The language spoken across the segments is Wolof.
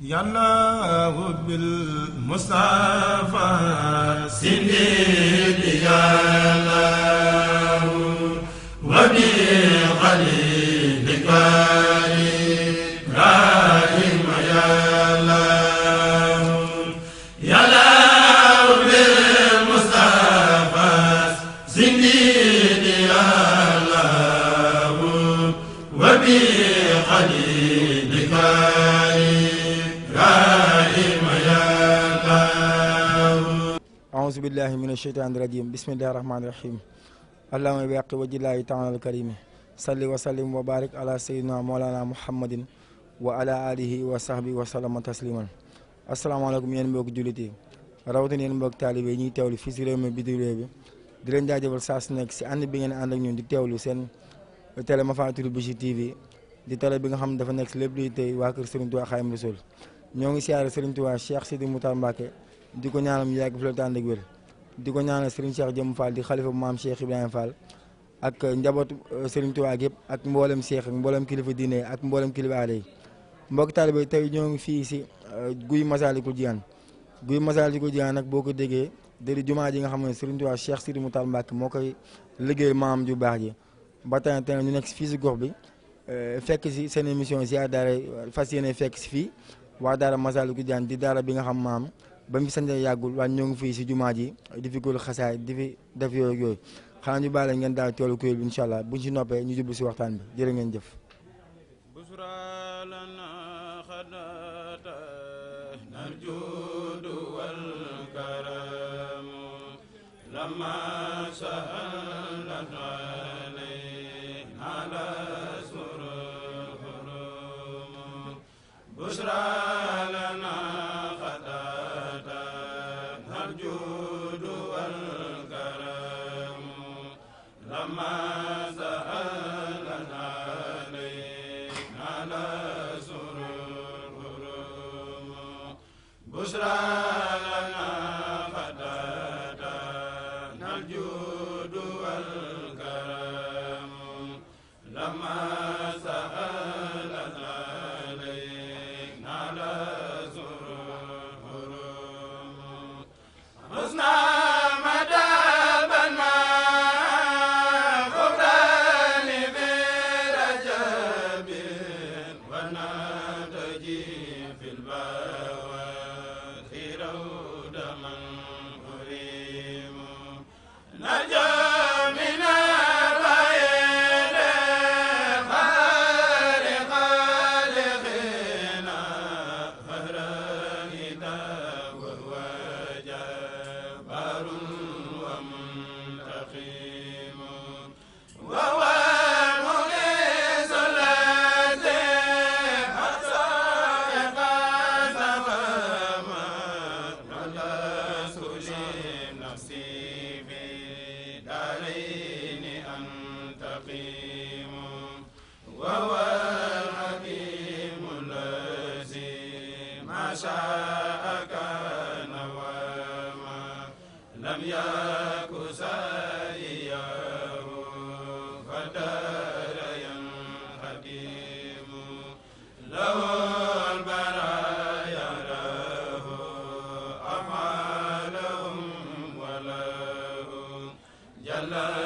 yàlla bil Mustafa sindi billahi min asheytaani rajim bismillahi rahmaani rahim allahuma bi aqi wajillahi taala alkarimi salli wa sallim wa barik ala sayidina moolana muhammadin wa ala alihi wa sahbi wa sallama tasliman asalaamaaleykum yéen mbokk jullit yi rawatina yéen mbokk taalibe yi ñuy teewlu fii si réew mi bitim réew bi di leen jaajëfal saa su nekk si ànd bi ngeen ànd ak ñun di teewlu seen télé Mafaatihul Bichri TV di télé bi nga xam ne dafa nekk si lépp luy tey waa kër Serigne Touba Xaadimu Rasuul ñoo ngi siyaare Serigne Touba Cheikh Sidi Moutar Mbacké di di ko ñaanal Serigne Cheikh Jëm Fall di xalifa bu maam Cheikh Ibrahima Fall ak euh, njabootu euh, Serigne Touba yëpp ak mboolem Cheikh ak mboolem kilifa diine ak mboolem kilifa aada yi mbokk taalibe bi tey ñoo ngi fii si euh, guy Masaalikul Jinaan guy Masaalikul Jinaan nag boo ko déggee di jumaa ji nga xam ne Serigne Touba Cheikh Sidi Moutar Mbacke moo koy liggéey maam ju baax ji ba tey tey ñu nekk fii si gox bi fekk si seen émission ziar daara fas yéene fekk si fii waa daara Masaalikul Jinaan di daara bi nga xam maam. ba mu fi sante ñoo ngi fii si jumaa ji di fi góor xasaay di yooyu yooyu xanaa ñu bàyyi la ngeen daal toolu kuréel bi incha allah si noppee ñu jublu si waxtaan bi jërë ngeen jëf Yàlla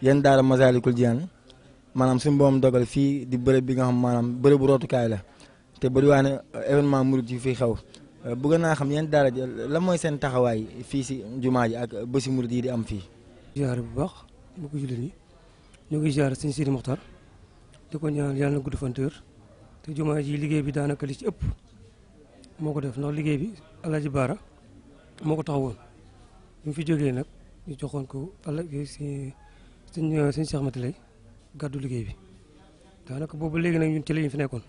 yéen daara Masaalikul Jinaan maanaam suñu boom dogal fii di bërëb bi nga xam maanaam bërëbu rootukaay la te bëriwaa ne euh, événement murid yi fi xew euh, bëgg naa xam yéen daara ji lan mooy seen taxawaay fii si jumaa ji ak bési murid yi di am fii. ziare bu baax bu ko jullit yi ñu ngi ziare sëñ Sidi Mokhtar di ko ñaanal yàlla na gudd fan te jumaa ji liggéey bi daanaka li ci ëpp ko def ndax liggéey bi El ji Baara moo ko taxawoon bi mu fi jógee nag ñu joxoon ko El suñ euh, suñ Cheikh Mati lay gàddu liggéey bi daanaka boobu léegi nag ñun ci lañu fi nekkoon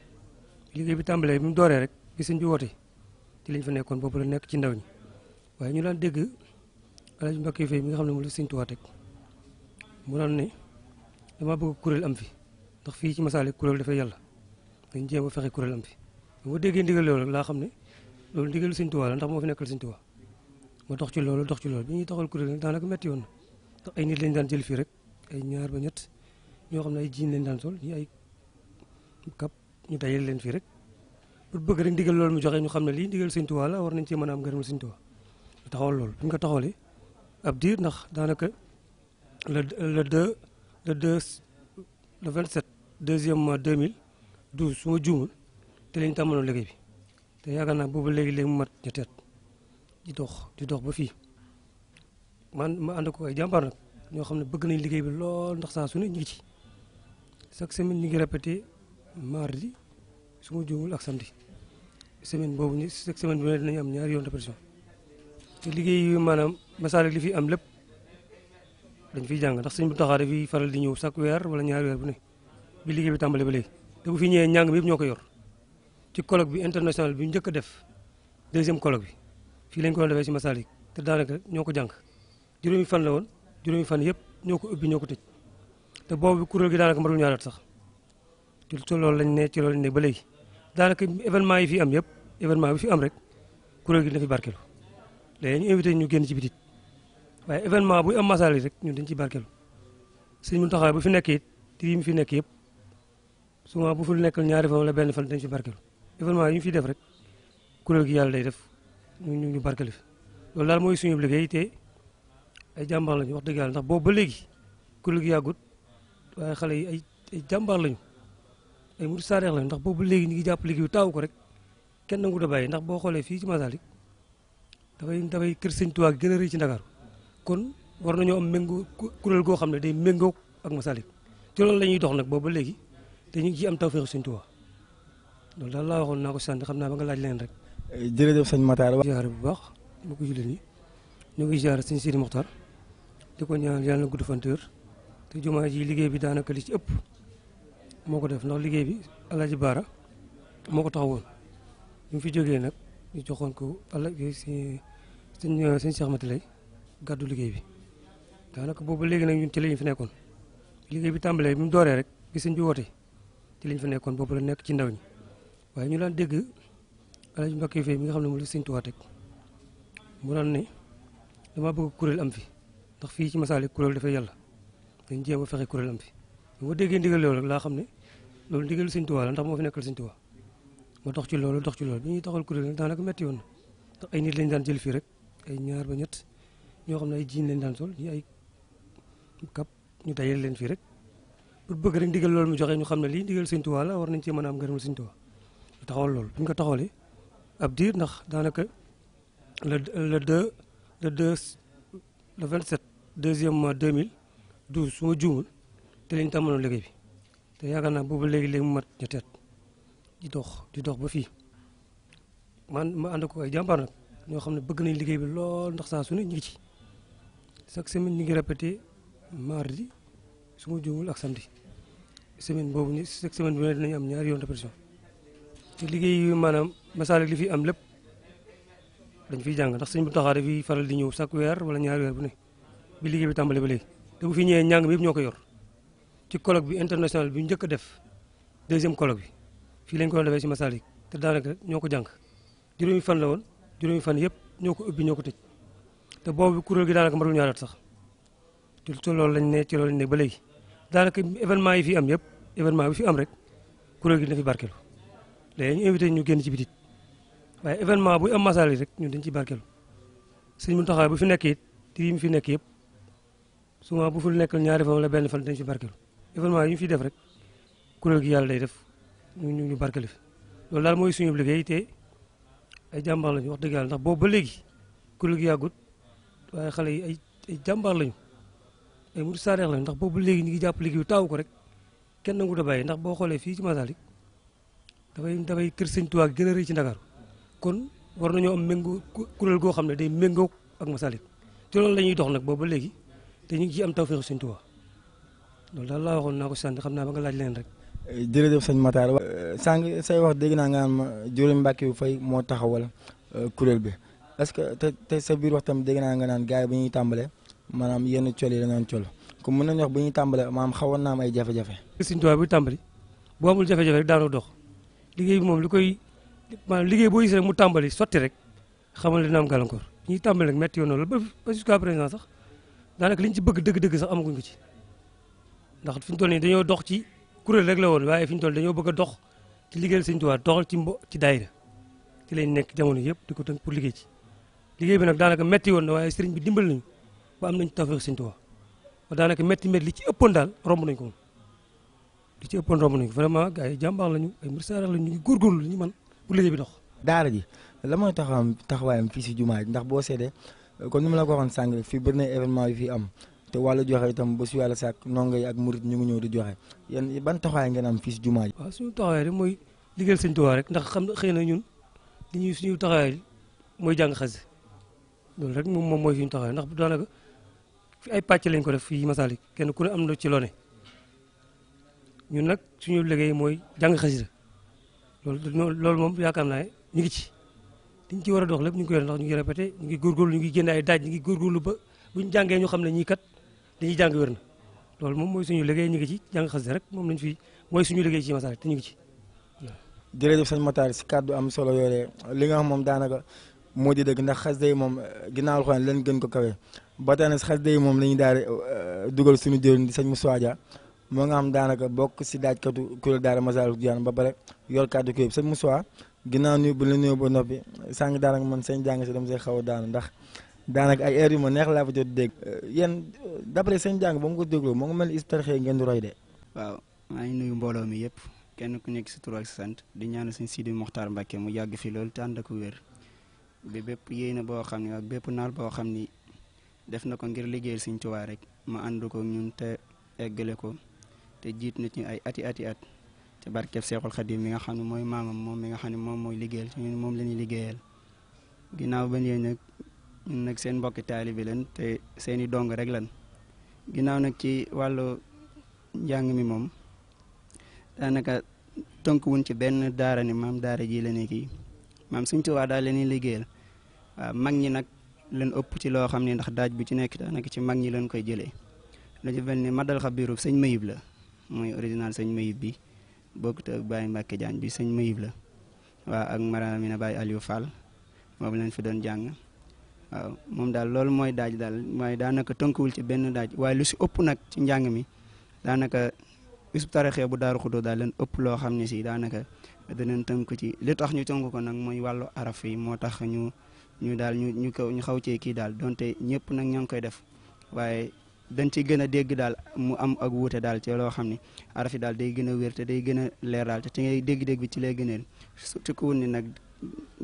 liggéey bi tàmbalee bi mu dooree rek bi sëñ bi woote ci lañ fa nekkoon boobu la nekk ci ndaw ñi waaye ñu daan dégg alaaj Mbàkke Faye mi nga xam ne moom la sëñ Tuubaa teg mu daan ne dama bëgg kuréel am fi ndax fii ci masaale kuréel dafay yàlla dañ jéem a fexe kuréel am fi boo déggee ndigal loolu laa xam ne loolu ndigalu sëñ Tuubaa la ndax moo fi nekkal sëñ Tuubaa ma dox ci loolu dox ci loolu bi ñu taxal kuréel daanaka métti woon na ndax nit lañ daan fii rek ay ñaar ba ñett ñoo xam ne ay jiin leen daan sol ñi ay kap ñu dajale leen fii rek pour bëgg rek ndigal loolu mu joxe ñu xam ne lii ndigal Sëñ Tuubaa la war nañ cee mën a am ngërëmal Sëñ Tuubaa ñu taxawal loolu bu ñu ko taxawalee ab diir ndax daanaka le le deux le deux le vingt sept deuxième mois deux mille douze su ma juumul te lañ tàmmaloon liggéey bi te yaakaar naa boobu léegi-léegi mu mat ñetteet di dox di dox ba fii man ma ànd ko ay jàmbaar nag ñoo xam ne bëgg nañ liggéey bi lool ndax saa su ne ci chaque semaine ñu ngi répété mardi su ma juumul ak samedi semaine boobu ñu chaque semaine bi ne ñaari yoon répétition te liggéey maanaam Masalik li fi am lépp dañ fiy jàng ndax sëñ bu taxaa dafiy faral di ñëw chaque weer wala ñaari weer bu ne bi liggéey bi tàmbale ba léegi te fi ñëwee njàng bi ñoo ko yor ci colloque bi international bi njëkk a def deuxième colloque bi fii lañ ko doon defee si Masalik te daanaka ñoo ko jàng juróomi fan la woon juróomi fan yëpp ñoo ko ubbi ñoo ko tëj te boobu kuréel gi daanaka matul ñaanat sax te loolu lañ ne ci loolu lañ ne ba léegi daanaka événement yi fi am yëpp événement bu fi am rek kuréel gi dina fi barkelu léegi ñu invité ñu génn ci bitit waaye événement buy am masali rek ñun dañ ci barkelu sëñ Muntaxa bu fi nekk it yi mu fi nekk yëpp souvent bu fi nekkal ñaari fan la benn fan dañ fi barkelu événement yi ñu fi def rek kuréel gi yàlla day def ñu ñu barkelu fi loolu daal mooy suñu liggéey te ay jàmbaar lañu wax dëgg yàlla ndax boobu ba léegi kuréel gi yàggut waaye xale yi ay ay jàmbaar lañu ay murid saareex lañu ndax boobu ba léegi ñu ngi jàpp liggéey taaw ko rek kenn nangu da bàyyi ndax boo xoolee fii ci Masalik dafay dafay kër sëñ Tuubaa gën a rëy ci Ndakaaru kon war nañoo am méngoo kuréel goo xam ne day méngoo ak Masalik ci loolu la ñuy dox nag boobu ba léegi te ñu ngi ciy am tawfeex sëñ Tuubaa loolu daal laa waxoon naa ko sant xam naa ba nga laaj leen rek. jërëjëf sëñ Matar. ziare bu baax mbokku jullit ñi ñu ngi ziare sëñ Sidi Mokhtar di ko ñaanal yàlla na gudd liggéey bi daanaka li ci ëpp ko def ndax liggéey bi Alaaji Baara moo ko taxawoon woon mu fi jógee nag ñu joxoon ko ala si sëñ sëñ Cheikh Mati lay gàddu liggéey bi daanaka boobu léegi nag ñun ci lañu fi nekkoon liggéey bi tàmbalee bi mu dooree rek bi sëñ bi woote ci lañ fi nekkoon boobu la nekk ci ndaw ñi waaye ñu daan dégg Alaaji Mbàkke Fay mi nga xam ne moom la sëñ Tuubaa teg mu daan dama bëgg kuréel am fi ndax fii ci masaalik kuréel dafay yàlla dañ jéem a fexe kuréel am fi bu ma déggee ndigal loolu laa xam ne loolu ndigal Sëñ Tuubaa la ndax moo fi nekkal Sëñ Tuubaa ma dox ci loolu dox ci loolu bi ñuy taxal kuréel daanaka metti woon na ndax ay nit lañ daan ñoo xam ne ay jiin lañ daan sol ñi ay kap ñu dajal leen fii rek bu bëgg rek ndigal loolu mu joxe ñu xam ne lii ndigal Sëñ Tuubaa la war nañ cee mën a am ngërëmal Sëñ Tuubaa ñu taxawal loolu bu ñu ko taxawalee ab diir ndax daanaka le le deux le deux le vingt sept deuxième mois 2012 su ma juumul te lañ tàmbaloon liggéey bi te yaakaar naa boobu léegi-léegi mu mat ñetti at di dox di dox ba fii man ma ànd ko ay jàmbaar nag ñoo xam ne bëgg nañ liggéey bi lool ndax saa su ne ci chaque semaine ñu ngi répété mardi su ma juumul ak samedi semaine boobu ni chaque semaine bu ne dinañ am ñaari yoon répétition te liggéey yi maanaam Masalik li fi am lépp dañ fiy jàng ndax sëñ bu taxaare fi faral di ñëw chaque weer wala ñaari weer bu ne bi liggéey bi tàmbali ba léegi te bu fi ñëwee njàng mi ñoo ko yor ci colloque bi international bi njëkk def deuxième colloque bi fii lañ ko doon defee si Masalik te daanaka ñoo ko jàng juróomi fan la woon juróomi fan yëpp ñoo ko ubbi ñoo ko tëj te boobu kuréel gi daanaka matul ñaaraat sax ci loolu lañ ne ci loolu ne ba léegi daanaka événement yi fi am yëpp événement bi fi am rek kuréel gi dina fi barkeelu léegi ñu invité ñu génn ci bitit waaye événement bu am Masalik rek ñun dañ ci barkeelu sëñ Muntaxa bu fi nekk it di mu fi nekk yëpp souvent bu ful nekkal ñaari fan la benn fan dañ si barkelu événement yi ñu fi def rek kuréel gi yàlla day def ñu ñu barkelu fi lool daal mooy suñu liggéey te ay jàmbaar lañu wax dëgg yàlla ndax boobu ba léegi kuréel gi yàggut waaye xale yi ay ay jàmbaar lañu ay murid saareex lañu ndax boobu ba léegi ñu ngi jàpp liggéey taaw ko rek kenn nangu da ndax boo xoolee fii ci Masalik dafay dafay kër Sëñ Tuubaa gën a rëy ci Ndakaaru kon war nañoo am méngoo kuréel goo xam ne day méngoo ak Masalik ci loolu la ñuy dox nag boobu ba léegi te ñu ngi ciy am tawféex Sëñ Tuubaa loolu daal laa waxoon naa ko sant xam naa ba nga laaj leen rek. jërëjëf sëñ Matar. sànq say wax dégg naa nga naan ma euh, juróomi mbàkk fay moo taxawal euh, kuréel bi est que te te sa biir wax tam dégg naa nga naan gars yi bu ñuy tàmbalee maanaam yenn col yi dañu col comme mën nañu wax bu ñuy tàmbale maanaam xawoon naa am ay jafe-jafe. Sëñ Tuubaa buy tàmbali boo amul jafe-jafe rek daanoo dox liggéey bi moom li koy maanaam liggéey boo gis rek mu tàmbali sotti rek xamal dina am gàllankoor ñuy tàmbali rek métti yoon loolu ba ba jusqu'à sax daanaka liñ ci bëgg dëgg-dëgg sax amaguñ ko ci ndax fi ñu dañoo dox ci kuréel rek la woon waaye fi ñu dañoo bëgg a dox ci liggéeyal Sëñ Tuubaa doxal ci mbo ci daayira ci lañ nekk jamono yëpp di ko tënk pour liggéey ci liggéey bi nag daanaka metti woon na waaye sëriñ bi dimbal nañu ba am nañ tawfeex Sëñ Tuubaa ba daanaka metti metti li ci ëppoon daal romb nañ ko moom ci ëppoon romb nañ vraiment gars yi jàmbaar lañu ay ñu ngi góorgóorlu ñu man pour liggéey bi dox daara ji la mooy taxawaayam fii si jumaa ji ndax boo seedee kon ni ma la ko waxoon sànq fii bëri na événement yi fi am te wàllu joxe itam ba su yàlla sàkk ndongo yi ak murit ñu ngi ñëw di joxe yéen ban taxawaay ngeen am fii si jumaa ji waaw rek mooy liggéeyal Sëñ Tuubaa rek ndax xam xëy na ñun li ñuy suñu mooy jàng xas loolu rek moom moom mooy suñu taxawaay ndax daanaka fi ay pàcc lañ ko def fii Masalik kenn ku am na ci lone ñun nag suñu liggéey mooy jàng xasida loolu loolu moom yaakaar naa ñu ngi ci liñ ci war a dox lépp ñu ngi koy dox ñu ngi répété ñu ngi góorgóorlu ñu ngi génn ñu ngi góorgóorlu ba buñu loolu moom mooy suñu liggéey ñu ngi ci jàng rek moom lañ fi mooy suñu liggéey ci Massalik te ngi ci jërëjëf sëñ Matar si am solo yoolee li nga xam moom daanaka moo di dëgg ndax xasida day moom ginnaaw alxuraan leen gën ko kawee ba tey nag xasida moom la ñuy daal euh, dugal suñu jëriñ di sañ Moussa Dia moo nga xam daanaka bokk si daaj daajkatu kuréel daara Massalik Jinaan ba bare yor kàddu ko yëpp sëñ ginnaaw nuyu bu la nuyoo boo noppi sànq daanaka man seen jàng si dama see xaw a daanu ndax daanaka ay heure yu ma neex laa fa jot dégg. Euh, yan euh, d' après seen jàng ba mu ko dégloo moo ngi mel ni Hizbut-Tarqiyyah ngeen di roy de. waaw maa ngi nuyu mbooloo mi yëpp kenn ku nekk si tur ak sant di ñaanal sëñ Sidi Mokhtar Mbacke mu yàgg fi loolu te ànd ak wér bi bépp na boo xam ne ak bépp naal boo xam ni def na ko ngir liggéeyal sëñ Tuubaa rek ma ànd ko ñun te eggale ko te jiit na ci ay ati ati ci barkeb Seexul Xadim mi nga xam ne mooy maamam moom mi nga xam ne moom mooy liggéeyal moom la ñuy ginnaaw ba yéen nag nag seen mbokki taalibi lan te seen dong rek lan ginnaaw nag ci wàllu njàng mi moom daanaka tënk wuñ ci benn daara ni maam daara ji la ne kii maam suñ ci waa daal la ñuy liggéeyal waaw mag ñi nag leen ëpp ci loo xam ne ndax daaj bu ci nekk daanaka ci mag ñi leen koy jëlee lu ci mel ni madal xabiru sëñ mayib la mooy original sëñ mayib bi bokkut ak Baye Mbacke Diagne bi sëñ Mayib la waaw ak Maram Mina Baye Aliou Fall moom lañ fi doon jàng waaw moom daal loolu mooy daaj daal mooy daanaka tënkuwul ci benn daaj waaye lu si ëpp nag ci njàng mi daanaka Hizbut Tarqiyyah bu Daaru Xudoos daal leen ëpp loo xam ne si daanaka danañ tënku ci li tax ñu tënku ko nag mooy wàllu araf yi moo tax ñu ñu daal ñu ñu ko ñu xaw cee kii daal donte ñëpp nag ñoo ngi koy def waaye dañ ci gën a dégg daal mu am ak wuute daal ci loo xam ne arafi daal day gën a wér te day gën a leer daal te ci ngay dégg-dégg bi ci lay gën a surtout ku ni nag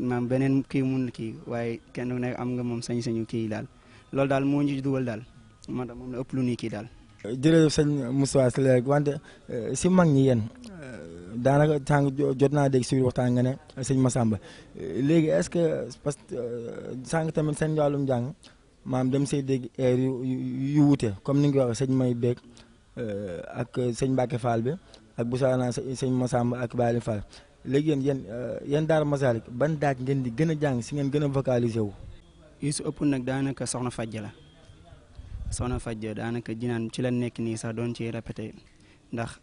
maam beneen kii mun kii waaye kenn ku nekk am nga moom sañ-sañu kii daal loolu daal moo ñu dugal daal man moom la ëpp lu nii kii daal. jërëjëf sëñ Moussa si léegi wante euh, si mag ñi yéen euh, daanaka tàng jot naa dégg si waxtaan nga ne sëñ Massamba euh, léegi est-ce que parce que sànq tamit seen wàllum jàng maam dem say dégg air eh, yu yu wute comme ni nga ko waxee sëñ May Beeg eh, ak sëñ Mbacke Fall bi ak bu saanaa sëñ Massamba ak Baali Fall léegi yéen yan yéen eh, Daara ban daaj ngeen di gën a jàng si ngeen gën a vocaliser wu. yu si ëpp nag daanaka soxna Fadja la soxna Fadja daanaka jinaan ci la nekk nii sax doon ci répété ndax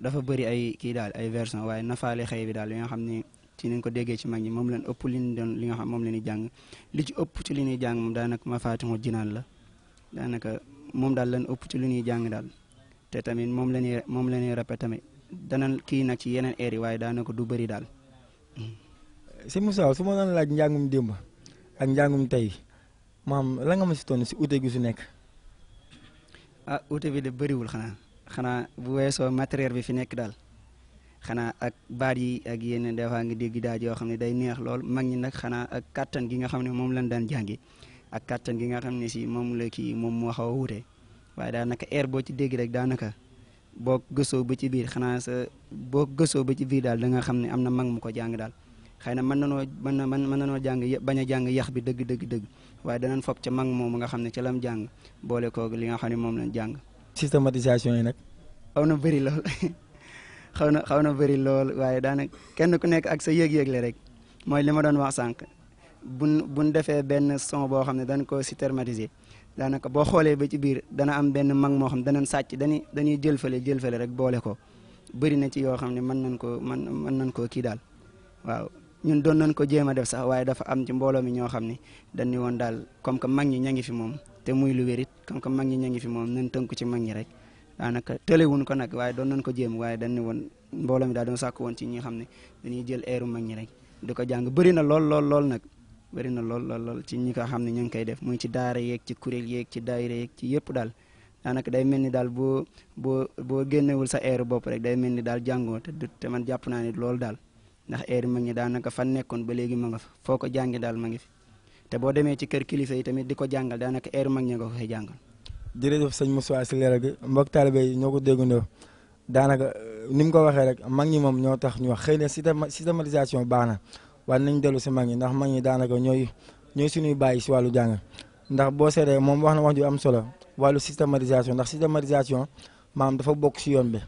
dafa bëri ay kii daal ay version waaye nafaale xëy bi daal yi nga xam ni. ci niñ ko déggee ci mag ñi moom leen ëpp li ñu doon li nga xam moom la jàng li ci ëpp ci li ñuy jàng moom daanaka mafaatixu jinaan la daanaka moom daal lan ëpp ci li ñuy jàng daal te tamit moom la ñuy moom la ñuy tamit dana kii nag ci yeneen air waaye waaye daanaka du bëri daal. si Moussa su ma doon laaj njàngum démb ak njàngum tey maam la nga ma si toon si ute gi su nekk. ah ute bi de bëriwul xanaa xanaa bu weesoo materiel bi fi nekk daal. xanaa ak baat yi ak yenn des fois nga dégg daajo yoo xam ne day neex lool mag ñi nag xanaa ak kàttan gi nga xam ne moom lañ daan jàngi ak kàttan gi nga xam ne si moom la kii moom moo xaw a wute waaye daanaka air boo ci dégg daanaka boo gësoo ba ci biir xanaa sa boo gësoo ba ci biir daal da nga xam ne am na mag mu ko jàng daal xëy na mën nanoo mën na mën nanoo jàng bañ a jàng yax bi dëgg dëgg dëgg waaye danañ foog ca mag moom nga xam ne ca lam jàng boole koog li nga xam ne moom lañ jàng systématisation yi nag aw na bëri lool xaw na xaw na bëri lool waaye daanaka kenn ku nekk ak sa yëg-yëg la rek mooy li ma doon wax sànq buñ buñ defee benn son boo xam ne dañ ko systématiser daanaka boo xoolee ba ci biir dana am benn mag moo xam danañ sàcc dañuy dañuy jël fële jël fële rek boole ko bëri na ci yoo xam ne mën nañ ko mën mën nañ koo kii daal waaw ñun doon nañ ko jéem a def sax waaye dafa am ci mbooloo mi ñoo xam ne dañu woon daal comme que mag ñi ña ngi fi moom te muy lu wérit comme que mag ñi ña ngi fi moom nañ tënku ci mag ñi rek daanaka tëlewuñ ko nag waaye doon nañ ko jéem waaye dañ ne woon mbooloo mi daal doon sàkk woon ci xam ne dañuy jël eeru mag ñi rek di ko jàng bëri na lool lool lool nag bëri na lool lool ci ñi ko xam ne ñu ngi koy def muy ci daara yeeg ci kuréel yeeg ci daayira yeeg ci yëpp daal daanaka day mel ni daal boo boo boo génnewul sa eeru bopp rek day mel ni daal jàngoo te te man jàpp naa ne loolu daal ndax eeru mag ñi daanaka fan nekkoon ba léegi ma nga fa foo ko jàngi daal ma ngi fi te boo demee ci kër kilifa yi tamit di ko jàngal daanaka eeru mag ñi nga ko koy jàngal jërëjëf sëñ Moussa si leeral gi mbokk taalibe yi ñoo ko déggandoo daanaka euh, ni mu ko waxee rek mag ñi moom ñoo tax ñu wax xëy na systématisation baax na waaye nañ dellu si mag ñi ndax mag ñi daanaka ñooy ñooy suñuy bàyyi si wàllu jàng ndax boo seetee moom wax na wax ju am solo wàllu systématisation ndax systématisation maam dafa bokk si yoon bi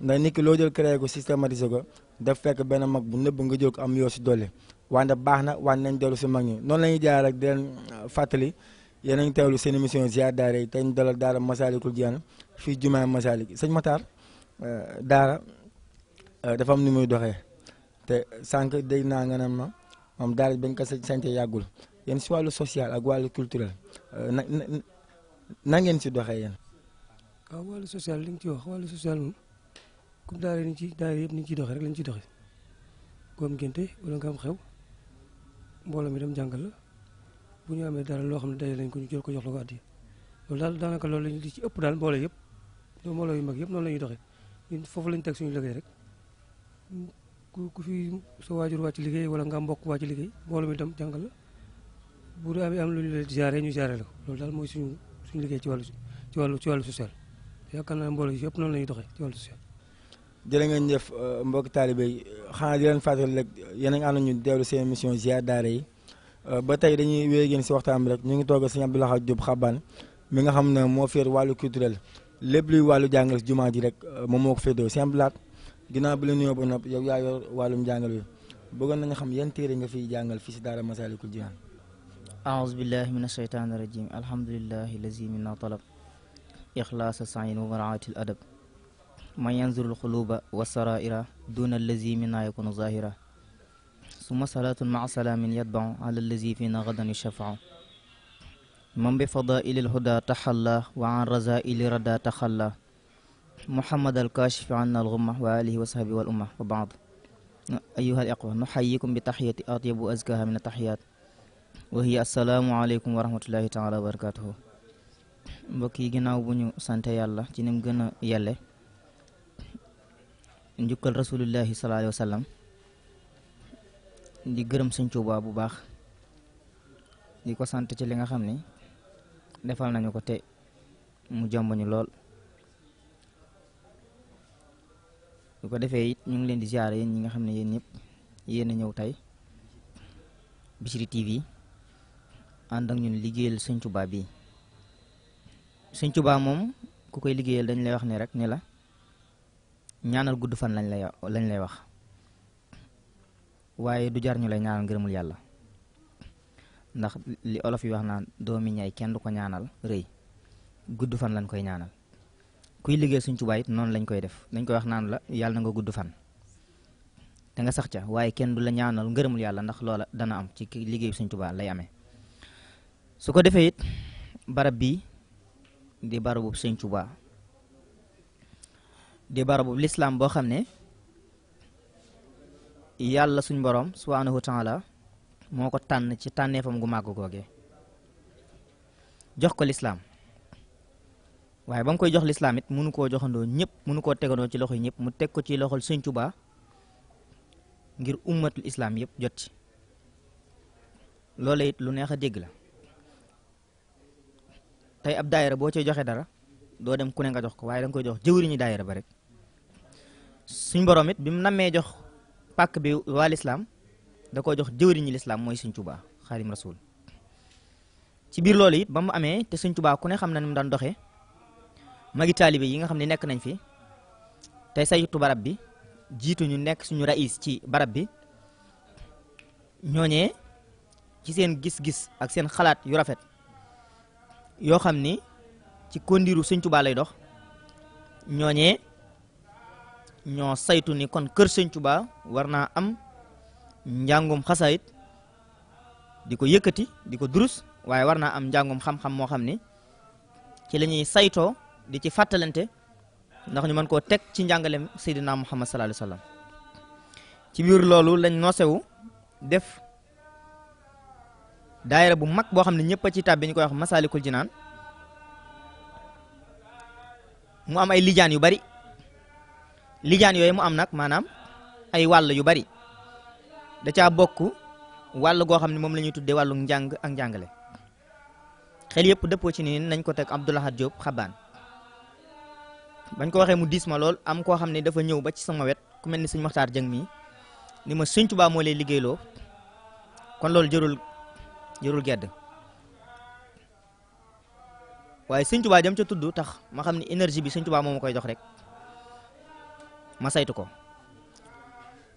ndax nit loo jël créé ko systématiser ko daf fekk benn mag bu nëbb nga jël am yoo si dolli wante baax na wante nañ dellu si mag ñi noonu la jaar rek den euh, fàttali yéen a ngi seen émission ziar daara yi te ñu dalal daara Massalikul Jinaan fii jumaa Massalik sëñ Matar euh, daara euh, dafa am ni muy doxee te sànq dégg naa nga ne ma moom daara bañ ko sante yàggul yéen si wàllu social ak wàllu culturel euh, na ngeen si doxee yéen. waaw wàllu social li nga ci wax wàllu social moom comme daara yi ci daara yëpp ni ñu ciy doxee rek lañ ciy doxee. ku am ngénte wala nga am xew mbooloo mi dem jàngal la. bu ñu amee dara loo xam ne daje nañ ko ñu jël ko jox la ko addiya loolu daal daanaka loolu lañu di ci ëpp daal mbooloo yëpp loolu yu mag yëpp noonu la ñuy doxee ñun foofu lañu teg suñu liggéey rek ku ku fi sa waajur liggéey wala nga mbokk wàcc liggéey mbooloo mi dem jàngal la bu dee am lu ñu la jaaree ñu jaaree la loolu daal mooy suñu suñu liggéey ci wàllu ci wàllu ci wàllu social yaakaar naa mbooloo yëpp noonu la ñuy ci wàllu social jërë ngeen jëf mbokki taalibe yi xanaa di leen fàttali rek yéen a ngi ñu deewlu seen émission ziar daara yi Euh, ba tey dañuy wéy si waxtaan bi rek ñu ngi toog sëñ Abdou Lahad Diop Xabane mi nga xam ne moo féer wàllu culturel lépp luy wàllu jàngal si jumaa ji rek euh, moom moo ko féetewoo sëñ Abdou Lahad ginnaaw bi la nuyoo ba nopp yow yaa yor wàllum jàngal wi bëggoon nañu xam yan nga fiy jàngal fii si daara Masaalikul Jinaan aouzu billahi min asheytaan irajim alhamdulilahi lazi minna talab ixlaasa sayin wa maraati al adab man yanzuru al xuluba waa saraira duna allazi minna ثم صلاة مع سلام يتبع على الذي فينا غدا يشفع من بفضائل الهدى تحلى وعن رزائل ردى تخلى محمد الكاشف عنا الغمة وآله وصحبه والأمة وبعض أيها الإخوة نحييكم بتحية أطيب وأزكاها من التحيات وهي السلام عليكم ورحمة الله تعالى وبركاته mbokk yi ginnaaw bu ñu sante yàlla ci ni mu gën a yelle njukkal rasulullahi sallallahu alayhi wa sallam di gërëm sëñ Tuubaa bu baax di ko sant ci li nga xam ni defal nañu ko te mu jomb ñu lool bu ko defee it ñu ngi leen di ziare yéen ñi nga xam ne yéen ñëpp yéen a ñëw tey Bichri TV ànd ak ñu liggéeyal sëñ Tuubaa bii moom ku koy liggéeyal dañ lay wax ne rek ne la ñaanal gudd fan lañ lay lañ lay wax waaye du jar ñu lay ñaanal ngërëmul yàlla ndax li olof yi wax naan doomi ñay kenn du ko ñaanal rëy gudd fan lañ koy ñaanal kuy liggéey suñ Tuubaa it noonu lañ koy def dañ koy wax naan la yàlla na nga gudd fan te nga sax ca waaye kenn du la ñaanal ngërëmul yàlla ndax loola dana am ci liggéey suñ Tuubaa lay amee su ko defee it barab bii di barabu suñ Tuubaa di barabu lislaam boo xam ne yàlla suñ borom subhaanahu wa taala moo ko tànn ci tànnee tànneefam gu màgg googee jox ko lislaam waaye ba mu koy jox lislaam it koo joxandoo ñëpp mënu koo tegandoo ci loxo yi ñëpp mu teg ko ci loxol Sëñ Tuubaa ngir ummatul islaam yëpp jot ci loola it lu neex a dégg la tey ab daayira boo cay joxe dara doo dem ku ne nga jox ko waaye da koy jox jëwriñu daayira ba rek suñ borom bi mu nammee jox pàkk bi waa lislaam da koo jox jëwriñu lislaam mooy sëñ Tuubaa xaadim rasul ci biir loolu it ba mu amee te sëñ ku ne xam na ni mu daan doxe magi taalibe yi nga xam ni nekk nañ fi tey saytu barab bi jiitu ñu nekk suñu raïs ci barab bi ñooñee ci seen gis-gis ak seen xalaat yu rafet yoo xam ni ci kondiru sëñ lay dox ñooñee ñoo saytu ni kon kër sëñ Tuubaa war naa am njàngum xasaayit di ko yëkkati di ko durus waaye war naa am njàngum xam-xam moo xam ni ci la ñuy saytoo di ci fàttalante ndax ñu mën koo teg ci njàngalem Seydina Muhammad sallallahu alayhi wasallam ci biir loolu lañ noosewu def daayira bu mag boo xam ne ñëpp a ci tàbbi ñu koy wax Masaalikul Jinaan mu am ay lijaan yu bari lijaan yooyu mu am nag maanaam ay wàll yu bari da caa bokk wàll goo xam ne moom lañuy tuddee wàllu njàng ak njàngale xel yëpp dëppoo ci ni nañ ko teg Abdou Lahad Diop xabaan bañ ko waxee mu diis ma lool am koo xam ne dafa ñëw ba ci sama wet ku mel ni sëñ Maxtaar Jëng mi ni ma sëñ Tuubaa moo lay liggéeyloo kon loolu jërul jërul gedd waaye sëñ Tuubaa jëm ca tudd tax ma xam ne énergie bi sëñ baa moo ma koy jox rek ma saytu ko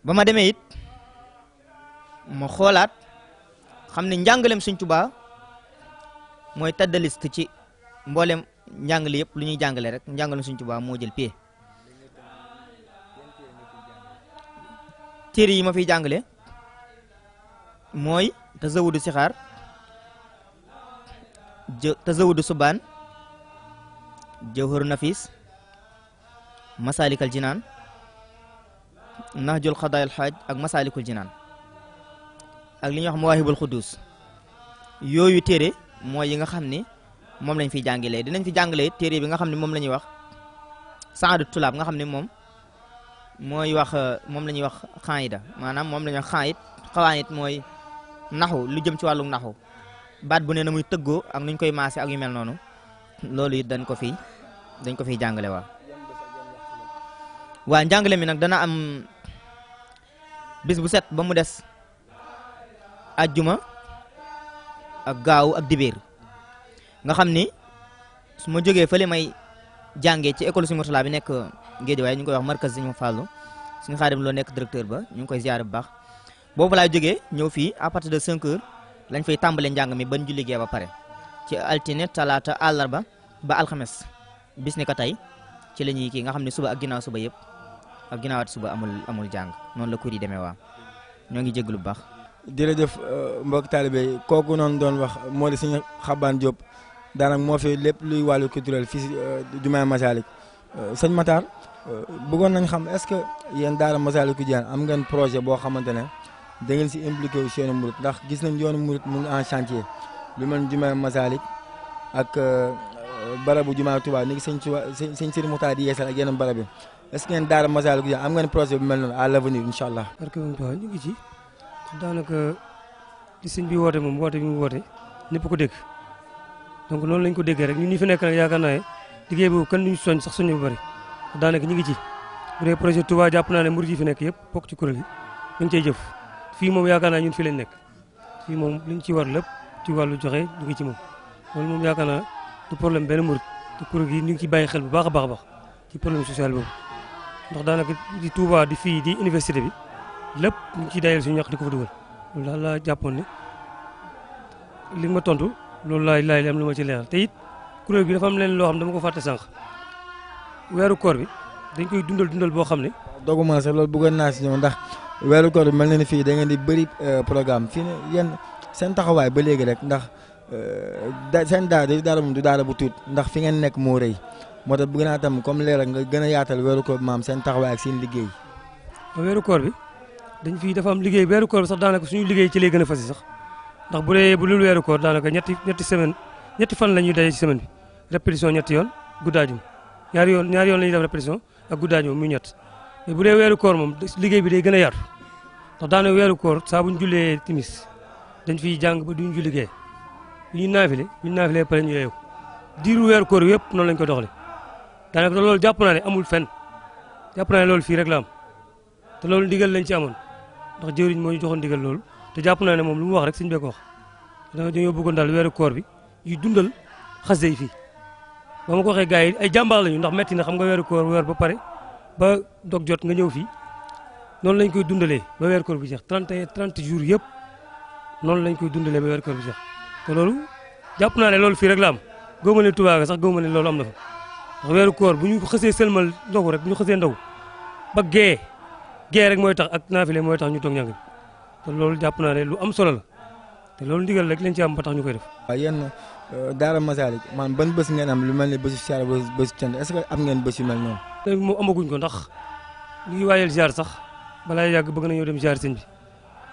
ba ma demee it ma xoolaat xam ne njàngaleem Sëñ Tuubaa mooy taddalist ci mboolem njàngale yëpp lu ñuy jàngale rek njàngaleem Sëñ Tuubaa moo jël pied téere yi ma fiy jàngale mooy tasawudu sixaar tasawudu subaan jawharu nafis masalikal jinaan nahjul xadaayul xaaj ak masaalikul jinaan ak li ñuy wax mawaahibul xuddus yooyu téere mooy yi nga xam ni moom lañ fi jàngalee dinañ fi jàngalee téere bi nga xam ne moom la ñuy wax saadu tulaab nga xam ne moom mooy wax moom la ñuy wax xaayida maanaam moom la ñuy wax xaayit xawaanit mooy naxu lu jëm ci wàllu naxu baat bu ne na muy tëggoo ak nuñ koy maase ak yu noonu loolu it dañ ko fi dañ ko fi jàngale waa waaw njàngale mi nag dana am bis bu set ba mu des juma ak gaaw ak dibéer nga xam ni su ma jógee fële may jàngee ci école Sëñ Murtala bi nekk Guédiawaye ñu koy wax markaz Sëñ Fallou suñu xaarim loo nekk directeur ba ñu ngi koy ziare bu baax boobu laay jógee ñëw fii à partir de 5 heures lañ fay tàmbale njàng mi ban julli gee ba pare ci altine talaata àllarba ba alxames bis ni ko tey ci la ñuy kii nga xam ne suba ak ginnaaw suba yëpp ak ginaawaat suba amul amul jàng noonu la cours yi demee waa ñoo ngi jéglu bu baax. jërëjëf euh, mbokk taalibe yi kooku noonu doon wax moo di suñu xabaan Diop moo lépp luy wàllu culturel fii si euh, jumaa Masalik euh, sëñ Matar bëggoon nañ xam est-ce que yéen daara Masaliku Jinaan am ngeen projet boo xamante ne da ngeen si impliqué wu seenu murit ndax gis nañ yoonu murit mu en chantier lu man ni jumaa Masalik ak barabu jumaa Touba ni ngi sëñ Touba sëñ Sëriñ Muxtaar di yeesal ak yeneen barab yi est ce que ngeen daara Massalikul Jinaan am ngeen projet bu mel noonu à l' avenir incha allah. parce daanaka li bi woote moom woote bi mu woote ñëpp ko dégg donc noonu lañ ko déggee rek ñun ñi fi nekk yaakaar naa ne liggéey soñ sax soññ bu bëri ñu ngi ci bu projet Touba jàpp naa ne murid yi fi nekk yëpp bokk ci kuréel yi ñu ngi jëf fii moom yaakaar naa ñun fii lañ nekk fii moom liñ ci war lépp ci wàllu joxe ñu ngi ci moom moom yaakaar naa du problème benn murid te kuréel gi ñu ngi ci bàyyi xel bu baax a baax a baax ci problème social boobu ndax daanaka di Touba di fii di université bi lépp ñu ciy dayal suñu ñax di ko fa dugal loolu daal laa jàppoon ne li ma tontu loolu laay laay laa am lu ma ci leeral te it kuréel bi dafa am leen loo xam dama ko fàtte sànq weeru koor bi dañ koy dundal dundal boo xam ne. doguma sax loolu bëggoon naa si ñëw ndax weeru koor bi mel na ni fii danga di bëri euh, programme fii ne yéen seen taxawaay ba léegi rek ndax euh, da seen daara daara moom du daara bu tuut ndax fi ngeen nekk moo rëy. moo tax bëgg naa tam comme leeral nga gën a yaatal weeru koor bi maam seen taxawaay ak seen liggéey. weeru koor bi dañ fi dafa am liggéey weeru koor bi sax daanaka suñu liggéey ci lay gën a fas sax ndax bu dee bu dul weeru koor daanaka ñetti ñetti semaine ñetti fan lañu ñuy daje ci bi répétition ñetti yoon guddaajum ñaari yoon ñaari yoon la ñuy def répétition ak guddaajum muy ñett bu dee weeru koor moom liggéey bi day gën a yaatu ndax daanaka weeru koor saa bu ñu jullee timis dañ fiy jàng ba duñ julli gee bu ñu naafile bu ñu naafilee pare ñu yeewu diiru weeru koor yëpp noonu lañ ko doxalee daanaka loolu jàpp naa ne amul fenn jàpp naa loolu fii rek la am te loolu ndigal lañ ci ndax jëriñ mooy ñu ndigal loolu te jàpp naa ne moom lu mu wax rek suñu bee ko wax danga dañoo bëggoon daal weeru koor bi yu dundal xasida yi fii ba ma ko waxee gars yi ay jàmbaar lañu ndax metti na xam nga weeru koor weer ba pare ba dog jot nga ñëw fii noonu lañ koy dundalee ba weer koor bi jeex 31 trent jours yëpp noonu lañ koy dundalee ba weeru koor bi jeex te loolu jàpp naa ne loolu fii rek la am góob ma ne Tuubaa sax ma na fa ndax weeru koor bu ñu xësee sëlmal ndogu rek bu ñu xësee ndaw ba gee gee rek mooy tax ak naafile mooy tax ñu toog ñàng te loolu jàpp naa ne lu am solo la te loolu ndigal rek lañ ci am ba ñu koy def. waaw yéen euh, Daara Masalik maanaam ban bés ngeen am lu mel ne bésu siyaare bésu cant est-ce que am ngeen bés yu mel noonu. tey moom amaguñ ko ndax ñu ngi waayal ziar sax balaa yàgg bëgg nañoo dem ziar sëñ bi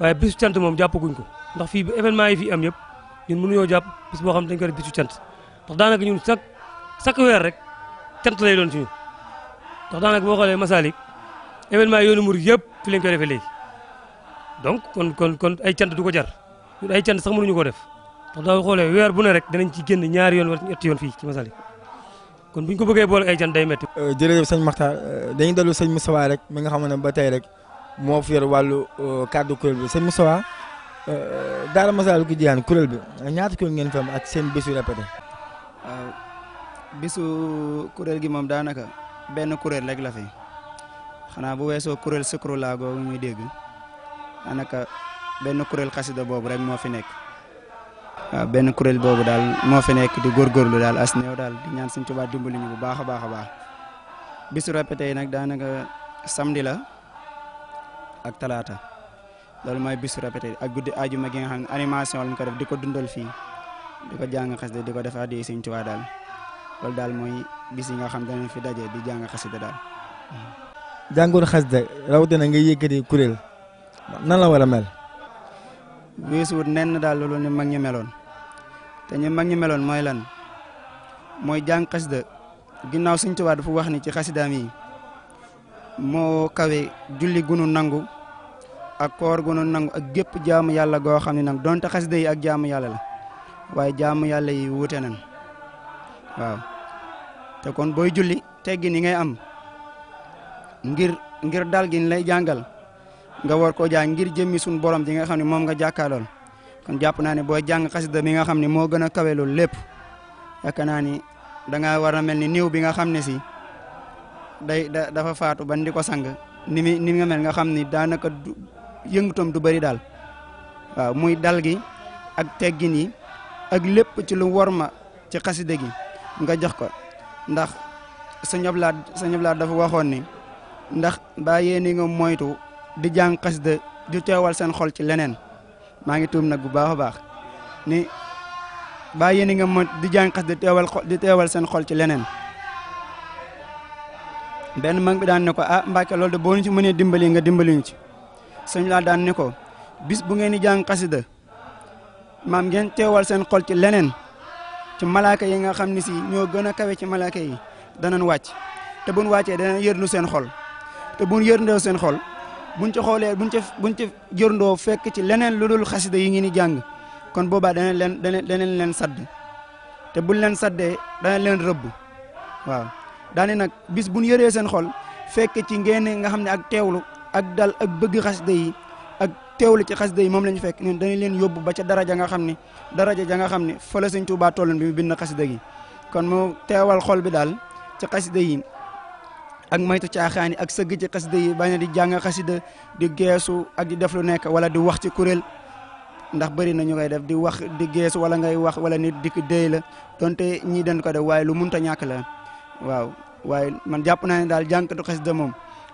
waaye bésu cant moom jàppaguñ ko ndax fii événement yi fii am yëpp ñun mënuñoo jàpp bés boo xam dañ ko def bésu cant ndax daanaka ñun chaque weer rek cant lay doon ci ñun ndax daanaka boo xoolee Masalik événement yoonu murid yëpp fi lañ koy defee léegi donc kon kon kon ay cant du ko jar ñun ay cant sax ñu ko def ndax daa xoolee weer bu ne rek danañ ci génn ñaari yoon wala ñetti yoon fii ci Masalik kon bu ñu ko bëggee boole ay cant day métti. Euh, jërëjëf sëñ Makhtar euh, dañuy dellu sëñ Moustapha rek mi nga xam ne ba tey rek moo fi yor wàllu cadre euh, kuréel bi sëñ Moustapha Daara Massalikoul Jinane kuréel bi ñaata kuréel ngeen fi am ak seen bésu répété. bisu kuréel gi moom daanaka benn kuréel rek la fi xanaa bu weesoo kuréel sukru laa googu ñuy dégg daanaka benn kuréel xasida boobu rek moo fi nekk. waaw benn kuréel boobu daal moo fi nekk di góorgóorlu daal as daal di ñaan Sëñ Tuubaa dimbali ñu bu baax a baax a baax bisu répété nag daanaka samedi la ak talaata loolu mooy bisu répété ak guddi ajuma gi nga xam ne animation lañ ko def di ko dundal fii di ko jàng xasida di ko defaa addi Sëñ Tuubaa daal. loolu daal mooy bis yi nga xam danañ fi daje bi jàng xasida daal. jàngoon xasida rawatina nga yëkkati kuréel nan la war a mel. weesuwut nen daal loolu ni mag ñi meloon te ñu mag ñi meloon mooy lan mooy jàng xasida ginnaaw Sëñ Tuubaa dafa wax ni ci xasidaam yi moo kawe julli gunu nangu ak koor gunu nangu ak gépp jàmm yàlla goo xam ne nag donte xasida yi ak jàmm yàlla la waaye jaamu yàlla yi wuute nañ waaw. te kon booy julli teggi ni ngay am ngir ngir dal lay jàngal nga war koo jàng ngir jëmmi suñu borom ji nga xam ne moom nga jàkkaarlool kon jàpp naa ne boo jàng xasida mi nga xam ne moo gën a kawe lépp yaakaar naa ni danga war a mel ni néew bi nga xam ne si day da dafa faatu ban di ko sang ni mi ni nga mel nga xam ni daanaka du yëngutoom du bëri daal waaw muy dal gi ak teggin yi ak lépp ci lu war ma ci xasida gi nga jox ko ndax sëñ Abdu Lahat dafa waxoon ni ndax baa yéeni nga moytu di jàng xasida di teewal seen xol ci leneen maa ngi tuum nag bu baax a baax ni baa yéeni nga moytu di jàng xasida di teewal di teewal seen xol ci leneen benn mag bi daan ne ko ah Mbàkke loolu de boo ñu ci mënee dimbali nga dimbali ñu ci sëñ laa daan ne ko bis bu ngeen di jàng xasida maam ngeen teewal seen xol ci leneen ci malaaka yi nga xam ne si ñoo gën a kawe ci malaaka yi dana danañ wàcc te buñ wàccee dana danañ yërnu seen xol te buñ yërndoo seen xol buñ ci xoolee buñ ci buñ ci jërndoo fekk ci leneen lu dul xasida yi ngeen di jàng kon boobaa danañ leen danañ danañ leen sadd te buñ leen saddee danañ leen rëbb waaw nag bis buñ yëree seen xol fekk ci ngeen nga xam ne ak teewlu ak dal ak bëgg xasida yi teew teewlu ci xasida yi moom la ñu fekk ñun dañu leen yóbbu ba ca daraja nga xam ne daraja ja nga xam ne fa la sëñ Tuubaa tolloon bi mu bind xasida gi kon mu teewal xol bi daal ci xasida yi ak maytu caaxaan yi ak sëgg ci xasida yi bañ a di jàng xasida di geesu ak di def lu nekk wala di wax ci kuréel ndax bëri na ñu koy def di wax di geesu wala ngay wax wala nit dikk déy la donte ñii dañ ko waaye lu munta ñàkk la waaw waaye man jàpp naa ne daal jànkatu xasida moom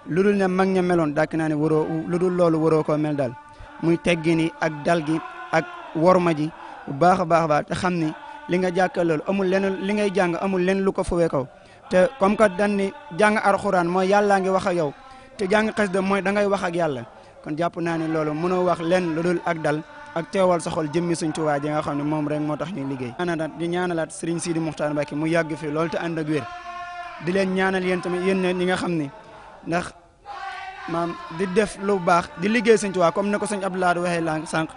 lu dul ne mag ña meloon dàkk naa ne waroo lu dul loolu waroo koo mel daal muy teggini ak dal gi ak worma ji bu baax a baax baax te xam ni li nga jàkkal loolu amul lenn li ngay jàng amul lenn lu ko fuwee kaw te comme que dañ ni ar xuraan mooy yàllaa ngi wax ak yow te jàng xasida mooy da ngay wax ak yàlla kon jàpp naa ne loolu mënoo wax leen lu dul ak dal ak teewal sa xol jëmmi suñ Tuubaa ji nga xam ne moom rek moo tax ñu liggéey ñaanalaat di ñaanalaat Sëriñ Sidi Muxtaar baki mu yàgg fi loolu te ànd ak wér di leen ñaanal yéen tamit ñi nga xam ni ndax maam di def lu baax di liggéey sëñ Tuubaa comme ne ko sëñ Abdou Lahad waxee lànk sànq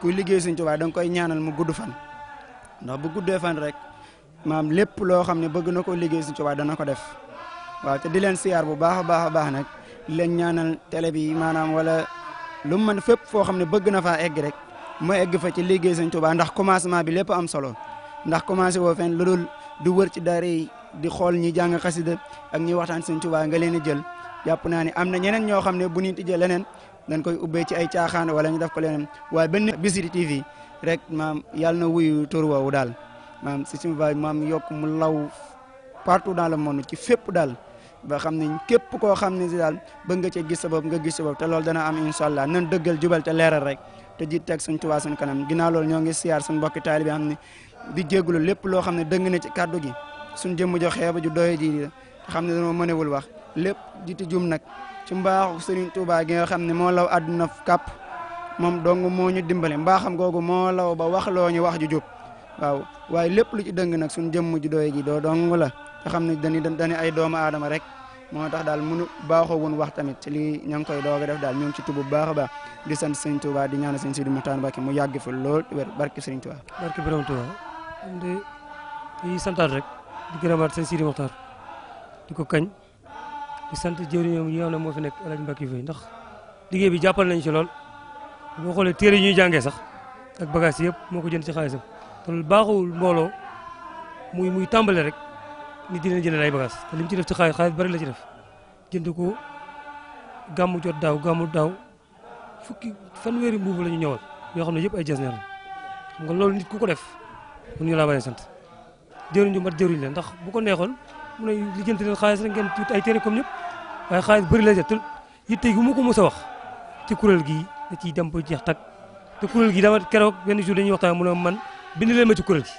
kuy liggéey sëñ Tuubaa da koy ñaanal mu gudd fan ndax bu guddee fan rek maam lépp loo xam ne bëgg na ko liggéey sëñ Tuubaa dana ko def waaw te di leen siyaar bu baax a baax baax nag di leen ñaanal télé bi maanaam wala lu mu mën fépp foo xam ne bëgg na faa egg rek mu egg fa ci liggéey sëñ Tuubaa ndax commencement bi lépp am solo ndax commencé woo fenn lu dul di wër ci daara di xool ñi jàng xasida ak ñi waxtaan sëñ Tuubaa nga leen a jël jàpp naa ne am na ñeneen ñoo xam ne bu ñu tijjee leneen dañ koy ubbee ci ay caaxaan wala ñu def ko leneen waaye benn Bichri TV rek maam yàlla na wuyu tur woowu daal maam si suñu baay maam yokk mu law partout dans le monde ci fépp daal ba xam ne képp koo xam ne si daal bëgg nga cee gis sa nga gis sa bopp te loolu dana am incha allah nan dëggal jubal te leeral rek te ji teg suñ tubaa suñ kanam ginnaaw loolu ñoo ngi siyaar suñ mbokki taali bi xam ne di jégalu lépp loo xam ne dëng na ci kàddu gi suñ jëmm jo xeeba ju doye ji xam ne dañoo mënewul wax lépp di ti nag ci mbaaxu Serigne Touba gi nga xam ne moo law àdduna kàpp moom dong moo ñu dimbale mbaaxam googu moo law ba wax loo ñu wax ju jub waaw waaye lépp lu ci dëng nag suñu jëmm ju doy ji doo dong la nga xam ne dañuy dañuy ay doomu aadama rek moo tax daal mënu baaxoo woon wax tamit lii ña ngi koy doog a def daal ñu ngi ci tubu bu baax a baax di sant Serigne Touba di ñaanal Serigne Sidi mu yàgg fu lool wér barke Serigne Touba. barke Borom Touba am di rek di gërëmaat Serigne di ko kañ. di sant jëriñoom yi nga moo fi nekk El Hadj Mbacke Faye ndax liggéey bi jàppal nañu ci lool moo xoolee téere yi ñuy jàngee sax ak bagage yëpp moo ko jënd ci xaalisam te loolu baaxul mbooloo muy muy tàmbale rek nit dina jëndal ay bagage te li mu ci def ci xaalis bari la ci def jënd ko gàmmu jot daaw gàmmu daaw fukki fanweeri mbuubu la ñu ñëwal yoo xam ne yëpp ay jesneer la nga loolu nit ku ko def mun ñu laa bañ sant jëriñ ju mat jëriñ la ndax bu ko neexoon mu ne lijjanti leen xaalis rek ngeen ay téere comme ñëpp waaye xaalis bëri la te yitte gi mu ko mos a wax ci kuréel gii da ciy dem ba jeex tag te kuréel gi dama keroog benn jour dañuy waxtaan mu ne man bind leen ma ci kuréel gi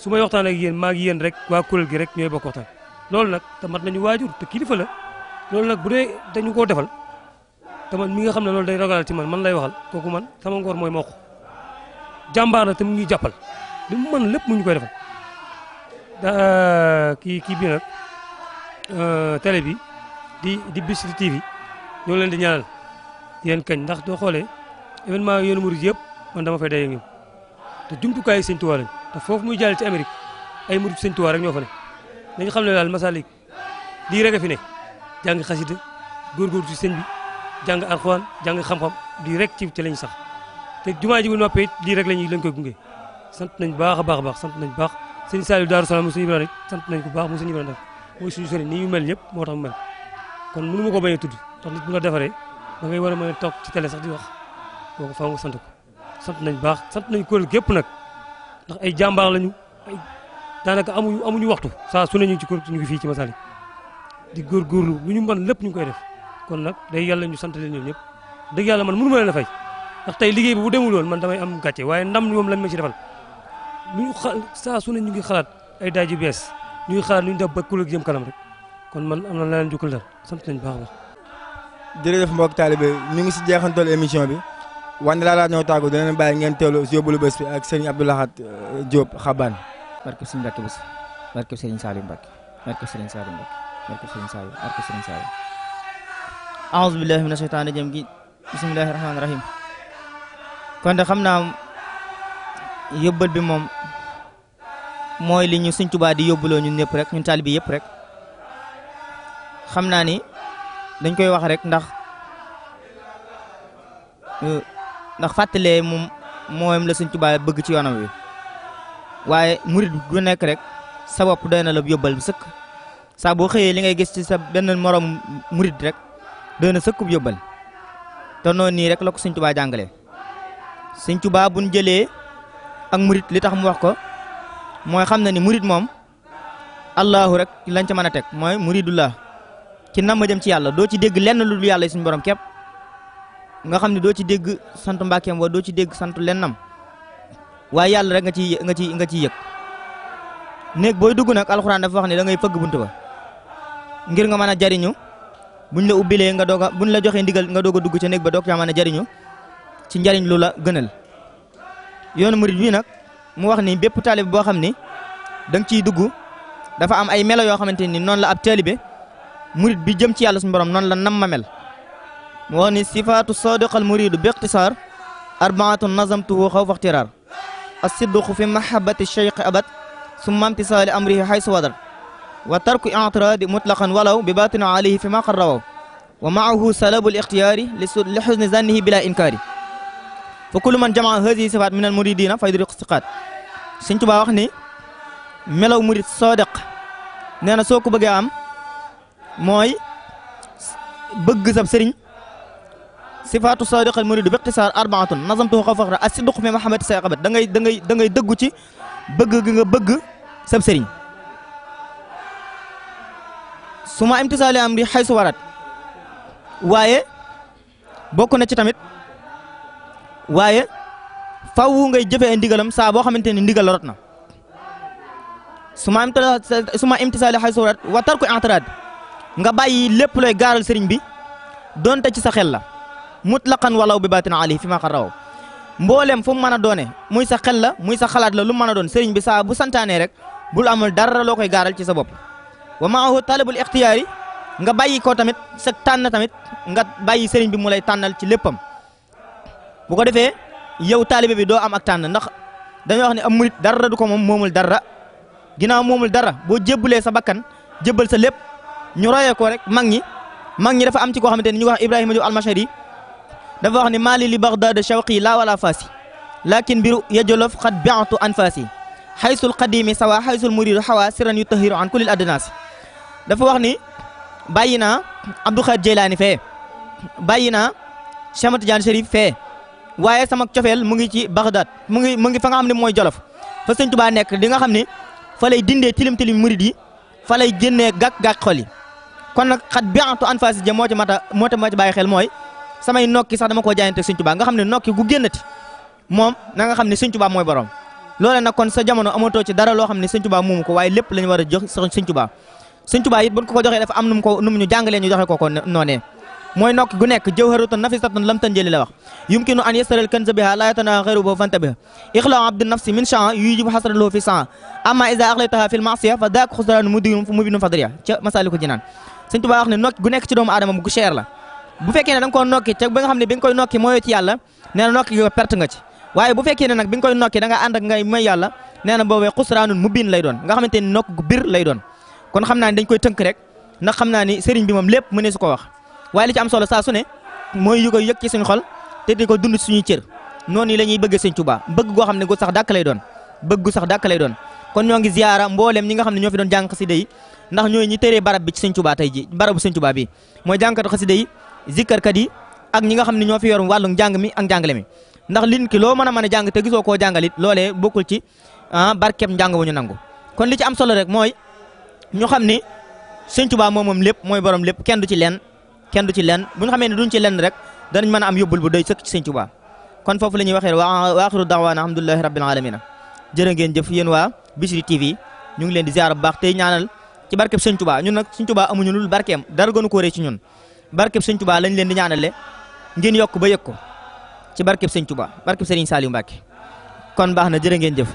su may waxtaan ak yéen maa yéen rek waa kuréel gi rek ñooy bokk waxtaan loolu nag te man nañu waajur te kilifa la loolu nag bu dee dañu koo defal te man mi nga xam ne loolu day ragalal ci man man lay waxal kooku man sama ngor mooy moo ko jàmbaar te mu ngi jàppal li mu mën lépp ñu koy defal kii kii bi nag euh, télé bi di di Bichri TV leen di ñaanal yéen kañ ndax doo xoolee événement yoonu murid yëpp man dama fay daje ñoom te jumtukaay Sëñ Tuubaa lañ te foofu muy jàll ci Amérique ay murid Sëñ Tuubaa rek ñoo fa ne xam ne daal Masalik lii rek a fi ne jàng xasida góorgóorlu ci sëñ bi jàng alxuraan jàng xam-xam lii rek ci ci lañ sax te jumaa ji bu noppee lii rek lañuy lañ koy gunge sant nañ baax a baax a baax sant nañ baax sëñ Saliou Darou Salaam mu sëñ Ibrahima rek sant ko bu baax mu sëñ Ibrahima def mooy suñu sëriñ ni ñu mel ñëpp moo tax mu mel kon mënu ko bañ a tudd ndax nit bu la defaree da ngay war a a toog ci télé sax di wax boo ko faaw nga sant ko baax sant nañ kuréel gépp nag ndax ay jàmbaar lañu ay daanaka amuñu amuñu waxtu saa su ne ñu ci kuréel ñu ngi fii ci Masalik di góorgóorlu lu ñu mën lépp ñu koy def kon nag day yàlla ñu sant leen ñoom ñëpp dëgg yàlla man mënu ma leen a fay ndax tey liggéey bi bu demul woon man damay am gàcce waaye ndam moom lañ ma ci defal lu ñu xa saa su a ñu ngi xalaat ay daaj ñu ngi xalaat lu jëm kanam rek kon man am na leneen jukkal dal sant baax a baax. jërëjëf mbokk taalibe ñu ngi si jeexantal émission bi wante laa laa ñëw tàggu dinañ ngeen teewlu si yóbbalu bés bi ak sëriñ Abdou Lahad euh, Diop Xabaan. barke sëriñ Mbacke Bousso barke sëriñ Saliou Mbacke barke sëriñ Saliou Mbacke barke sëriñ Saliou barke sëriñ Saliou. aouzu billahi mina shaytaani rajim kon de xam naa yóbbal bi moom mooy li ñu Sëñ di yóbbuloo ñun ñëpp rek ñun taalibe yëpp rek xam naa ni dañ koy wax rek ndax euh, ndax fàttalee moom mooyam la Sëñ bëgg ci yoonam wi waaye murit gu nekk rek sa bopp doy na la yóbbal bu sëkk saa boo xëyee li ngay gis ci sa benn moroom murit rek doy na sëkkub yóbbal te noonu nii rek la ko Sëñ Tuubaa jàngalee Sëñ Tuubaa ak murit li tax mu wax ko mooy xam na ni murit moom allahu rek lañ ca mën a teg mooy muridullah ci nam ma jëm ci yàlla doo ci dégg lenn lu du yàlla suñu borom képp nga xam ne doo ci dégg sant mbàkkeem wa doo ci dégg sant lennam waaye yàlla rek nga ci nga ci nga ciy yëg néeg booy dugg nag alxuraan dafa wax ne da ngay fëgg bunt ba ngir nga mën a jariñu buñ la ubbilee nga doog a ñu la joxee ndigal nga doog a dugg ca néeg ba doog caa mën a jariñu ci njariñ lu la gënal yoonu murid wi nag mu wax ni bépp taalib boo xam ni da nga ciy dugg dafa am ay melo yoo xamante ni noon la ab taalibe murid bi jëm ci yàlla suñu borom noonu la nam ma mel mu wax ni sifaatu sadiqal muridu bi iqtisaar arbaatun nazamtuhu xawfa ixtiraar asidduqu fi mahabati cheikh abad summa imtisaali amrihi xaysu wadar wa tarku i'tiraadi mutlaqan walaw bi baatini alayhi fi ma qarawaw wa maahu salabu l ixtiyaari li xusni zannihi bila inkaari fa kullu man jamaa hadihi sifaat min al muridina fay duri siqaat Sëñ Tuubaa wax ni melow murid soodeq nee na soo ko bëggee am mooy bëgg sab sëriñ sifaatu sadiqal muridu biqtisaar arbaatun nazamtuhu xaw faxra asiduq fi mahamati say xabat da ngay da ngay da ngay dëggu ci bëgg gi nga bëgg sab sëriñ su ma imtisaali am ri xay su warat waaye bokk na ci tamit waaye faw ngay jëfee ndigalam saa boo xamante ni ndigal la na su ma su ma imtisaali xay surat wa tarku i'tirad nga bàyyi lépp lay gaaral sëriñ bi donte ci sa xel la mutlaqan walaw bi baatin ali fi ma xar rawaw mboolem fu mu mën a doone muy sa xel la muy sa xalaat la lu mën a doon sëriñ bi saa bu santaanee rek bul amul dara loo koy gaaral ci sa bopp wa maahu talabul ixtiyaari nga bàyyi ko tamit sa tànn tamit nga bàyyi sëriñ bi mu lay tànnal ci léppam bu ko defee yow taalibe bi doo am ak tànn ndax dañoo wax ne am murit dara du ko moom moomul dara ginnaaw moomul dara boo jébbalee sa bakkan jébbal sa lépp ñu royee ko rek mag ñi mag ñi dafa am ci koo xamante ni ñu wax Ibrahima Diop almashari dafa wax ne maali li baghdad shawqi laa wala faasi lakin biru yajolof xad bi'tu an faasi xaysul qadimi sawa xaysul muridu xawa siran yu tahiru an kulil adnas dafa wax ni bàyyi naa Abdou Khadir Jeylaani fee bàyyi naa Cheikh Ahmad Tidiane Chérif fee waaye sama cofeel mu ngi ci Bagdad mu ngi mu ngi fa nga xam ne mooy Jolof fa sëñ Tuubaa nekk di nga xam ne fa lay dindee tilim tilim murid yi fa lay génnee gàkk-gàkk xol yi kon nag xat biantu an fasi jë moo ci mata moo ci ma ci xel mooy samay nokki sax dama koo jaayante sëñ Tuubaa nga xam ne nokki gu génnati moom na nga xam ne sëñ Tuubaa mooy borom loole nag kon sa jamono amatoo ci dara loo xam ne sëñ Tuubaa moomu ko waaye lépp la ñu war a jox sëñ Tuubaa sëñ Tuubaa it ko ko joxee dafa am nu mu ko nu mu ñu jàngalee ñu joxe ko ko noonee mooy nokk gu nekk jawharatun nafisatun lam tanjali la wax yumkinu an yastaral kanza biha la yatana xayru boobu fanta biha ixlaa abdu nafsi min chan yujibu xasraloo fi chan amma iza axlaytaha fil masiya fa daak xusraanu mudium mubinum masaliku jinaan sëñ wax ne nokk gu nekk ci doomu aadama gu cher la bu fekkee ne da nga nokki te ba xam ne bi nga nokki mooyoo ci yàlla nee nokki nga perte nga ci waaye bu fekkee ne nag bi nga koy nokki da nga ànd ak ngay may yàlla na boobee xusraanun xam naa ni dañ koy tënk moom lépp mënee su ko wax waaye li ci am saa su ne mooy yu ko yëg ci suñu xol te di ko dund suñuy cër noonu la ñuy bëggee Sëñ Tuubaa bëgg goo xam ne gu sax dàkk lay doon bëgg gu sax dàkk lay doon kon ñoo ngi ziyaara mboolem ñi nga xam ne ñoo fi doon jàng xasida yi ndax ñooy ñi tëree barab bi ci Sëñ Tuubaa tey ji barabu Sëñ Tuubaa bi mooy jàngkat xasida yi zikkarkat yi ak ñi nga xam ne ñoo fi yor wàllu jàng mi ak jàngale mi ndax lin ki loo mën a mën a jàng te gisoo koo jàngalit loolee bokkul ci ah barkeem njàng wu ñu kon li ci am solo rek mooy ñu xam ni Sëñ Tuubaa moom moom lépp mooy borom lépp kenn du ci leen kenn du ci lenn bu ñu xamee ne duñ ci lenn rek danañ mën a am yóbbul bu doy sëkk ci sëñ kon foofu la ñuy waxee wa axiru daawaana alhamdulilahi rabbil alamina ngeen jëf yéen waa Bichri TV ñu ngi di ziar bu baax tey ñaanal ci barkeb sëñ ñun nag sëñ Tuubaa amuñu lul barkeem dara gënu ko rëy ci ñun barkeb sëñ Tuubaa lañ leen ngeen yokk ba yëg ko ci barkeb sëñ Tuubaa barkeb Sëriñ Saliou Mbacke kon baax na jërë ngeen jëf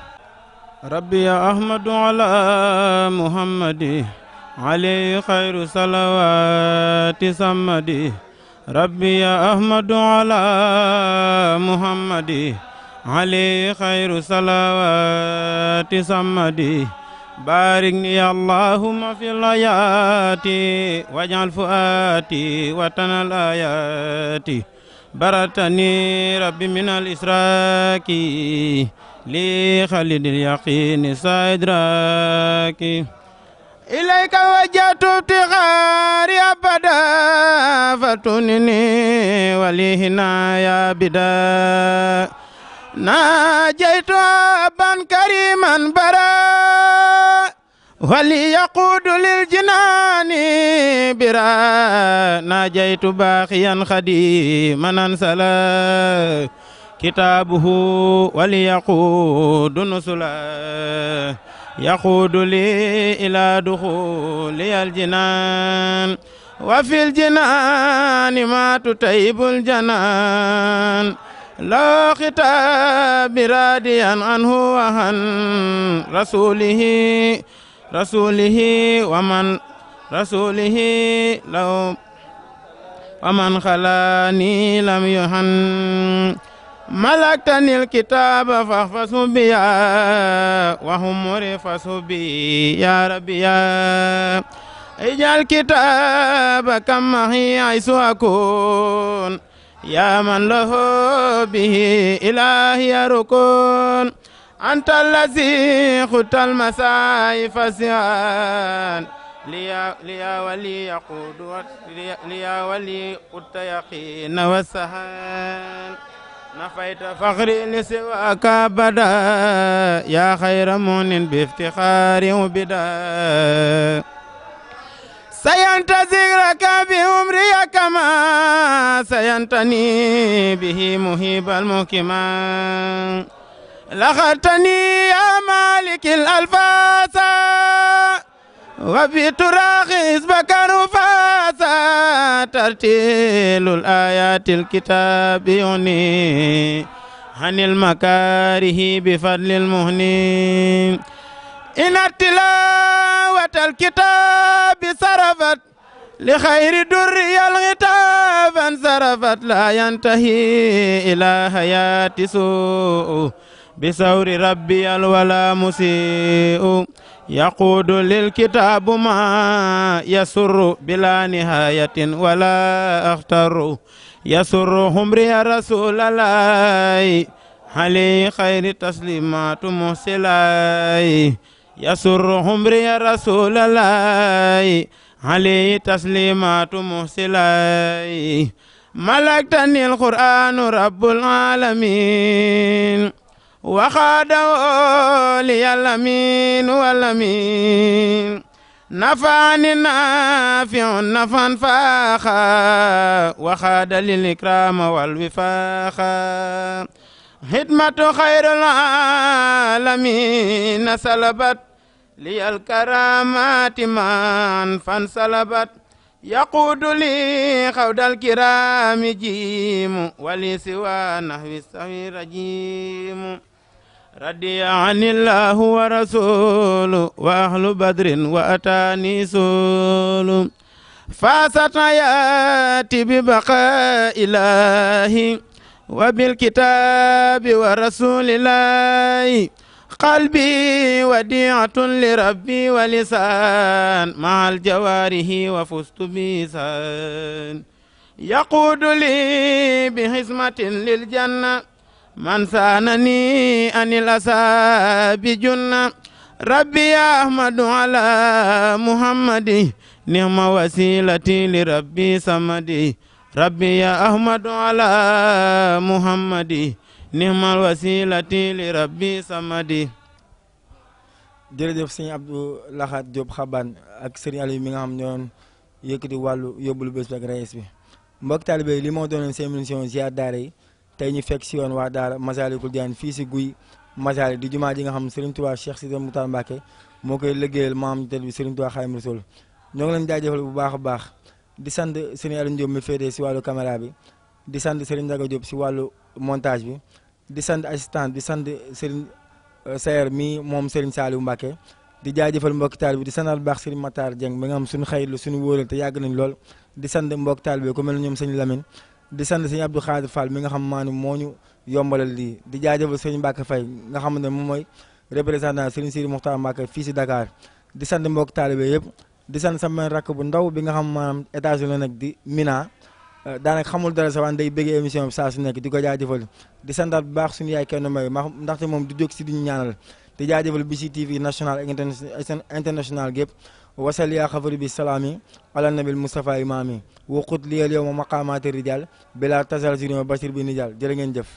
rabbi ya ahmadu ala muhammadi عليه خير صلوات صمدي ربي يا أحمد على محمد عليه خير صلوات صمدي باركني اللهم في الآيات واجعل فؤاتي وطن الآيات برتني ربي من الإسراك لي خالد اليقين سادراكي إليك وجهت ابتغاري أبدا فتنني وليهنا يا بدا ناجيت أبا كريما برا وليقود للجنان برا ناجيت باقيا خديما انسلا كتابه وليقود نسلا يقود لي إلى دخولي الجنان وفي الجنان ما تطيب الجنان لا خطاب راديا عنه وعن رسوله رسوله ومن رسوله لو ومن خلاني لم يهن ملكتني الكتاب فاحفظوا بي وهم فاحفظوا بي يا ربي يا اجعل كتاب كما هي عيسى أكون يا من له به إلهي ركون أنت الذي خدت المساء فسيان ليا ليا ولي يقود ليا ولي قد يقين والسهان نفيت فخري لسواك بدا يا خير مؤمن بافتخار وبدا سينتزغرك بعمري كما سينتني به مهيب المكما لخرتني يا مالك الألفاظ وفي تراخي اسمك رفاق tartilul ayatil kitaabi yuni hanil makarihi bi fadlil muhni inartilawatal kitaabi sarafat li khayri durriyal ghitafan sarafat la yantahi ila hayati suu bi sawri rabbiyal wala musiu يقود للكتاب ما يسر بلا نهاية ولا أختر يسرهم ريا رسول الله علي خير تسليمات محسلاي يسرهم ريا رسول الله علي تسليمات محسلاي ملكتني القرآن رب العالمين وخاده لي الأمين والأمين نفعني نافع نفعا فاخا وخاد للإكرام والوفاخا خدمة خير العالمين سلبت لي الكرامات معا فانسلبت يقود لي خود الكرام جيم ولي سوى نحو السوي رجيم رضي عن الله ورسوله وأهل بدر وأتاني سول فاست حياتي ببقاء إلهي وبالكتاب ورسول الله قلبي وديعة لربي ولسان مع الجوارح وفزت بيسان يقود لي بحزمة للجنة من ثانني عن الأصحاب جنة ربي يا أحمد على محمد نعم وسيلتي لربي صمدي ربي يا أحمد على محمد نعم الوسيلتي لربي صمدي jërëjëf sëñ Abdou Lahat Diop Xabaan ak sëriñ Aliou mi nga xam ñoo doon yëkkati wàllu yóbbulu bés bi ak rees bi mbokk taalibe li moo doonoon seen émission ziar daara tey ñu fekk si woon waa daara Masaalikul jaan fii si guy Masaalik di jumaa ji nga xam Serigne Touba Cheikh Sidi Moutar Mbacke moo koy liggéeyal maam tel bi Serigne Touba Xaadimu Rasuul ñoo ngi leen jaajëfal bu baax a baax di sand Serigne Aliou Diop mi féetee si wàllu caméra bi di sant Serigne Ndiaga Diop si wàllu montage bi di sant assistant di sand Serigne euh, Sayer mii moom Serigne Saliou Mbacke di jaajëfal mbokk taal bi di santal baax Serigne Matar Dieng mi nga xam suñu xayit la suñu wóoral te yàgg nañ lool di sant mbokk taal bi ku mel ne ñoom Serigne Lamine di sand sëñ Abdou Khadir Fall mi nga xam maa moo ñu yombalal lii di jaajëfal sëñ Mbacke fay nga xam ne moom mooy représentant sëñ Sidi Mokhtar Mbacke fii si Dakar di sand mbokk taalibe yëpp di sant sama rakk bu ndaw bi nga xam maanaam états-unis la nag di Mina euh, daanaka xamul dara sa waan day bëgg émission bi saa si nekk di ko jaajëfal di santaat bu baax suñu yaay kenn may ma ndaxte moom di jóg si di ñu ñaanal di jaajëfal bi si TV national ak international gépp wasal yaa xafaru bi salaami ala nabil Moustapha imaami waqut liyal yow ma maqaamaati rijal bila tasal si ma basir bi nijal jërë ngeen jëf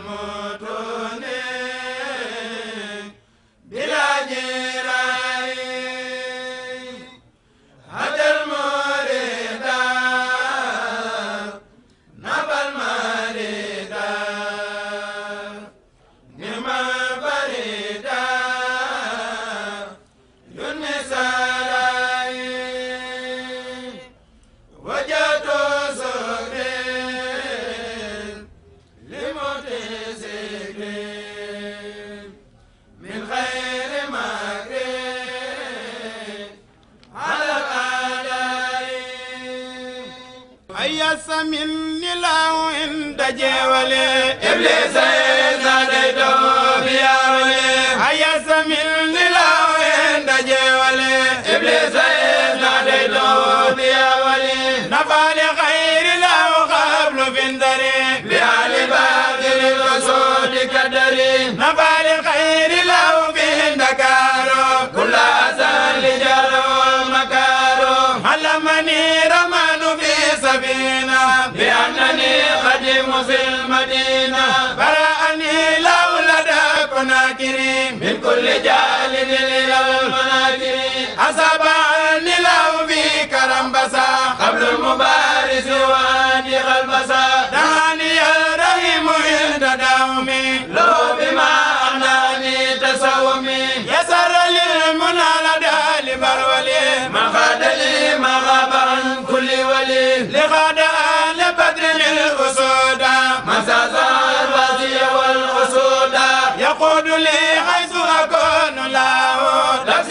al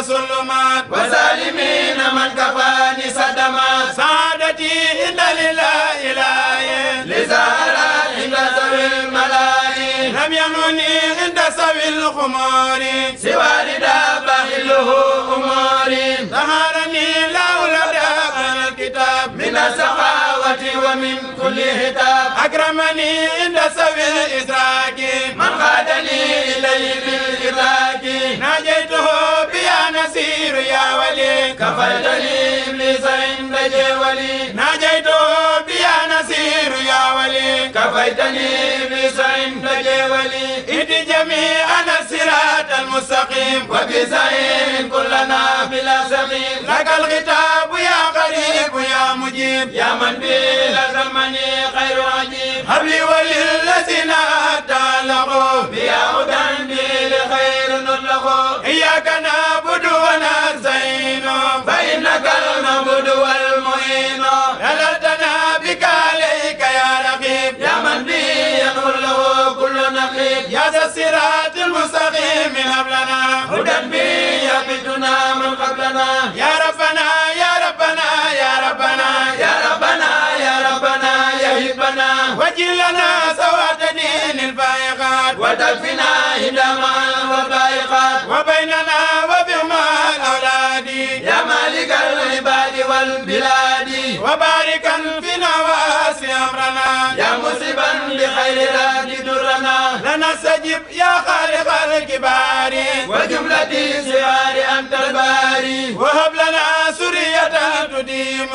كل سلمات وسالمين من كفاني صدمات سعادتي إن لله إلهي لزهرة عند سوي الملائي لم يمني عند سوي الخمار سوى رضا بخله أموري ظهرني له لدى الكتاب من السخاوة ومن كل هتاب أكرمني عند سوي الإسراك من خادني إليه بالإسراك كفيتني إبليس عند جولي ناجيته بيا نسير يا ولي كفيتني إبليس عند جولي إد جميعنا الصراط المستقيم وبزعيم كلنا بلا سقيم لك الغتاب يا قريب يا مجيب يا من بالزمن خير عجيب هب لي وللذين تعلقوا بيا هدى لخير نطلقوا إياك نعبد وهب لنا هدى به يبدنا من قبلنا يا ربنا يا ربنا يا ربنا يا ربنا يا ربنا يا هبنا وجلنا سواد دين الفائقات ودفنا هدما والبائقات وبيننا وبهما الاولاد يا مالك العباد والبلاد وباركا في واشف أمرنا يا مصيبا بخير راد درنا لنا استجب يا خالق الكبار وجملة صغار أنت الباري وهب لنا سرية تديم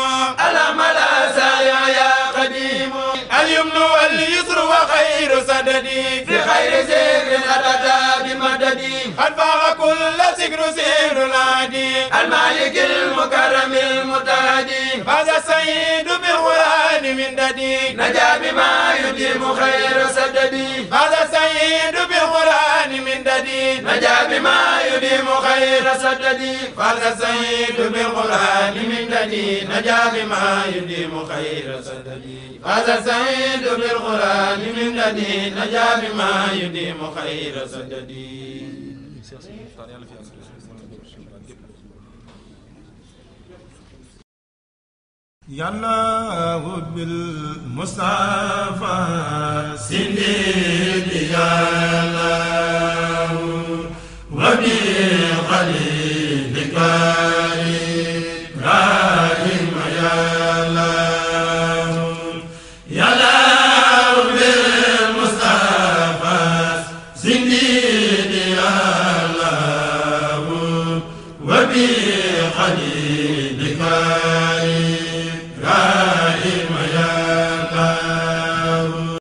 الأمل سايع يا قديم اليمن واليسر وخير سددي في خير سر أتتا بمددي قد فاق كل سكر سير العادي المالك المكرم المتهدي هذا السيد بالغلام من ددي نجا بما يجيب خير سددي هذا سيد بالقرآن من ددي نجا بما يديم خير سددي فهذا سيد بالقرآن من ددي نجا بما يديم خير سددي هذا سيد بالقرآن من ددي نجا بما يديم خير سددي yàlla hubbil Mustafa sindiki yàlla wa bi xalilika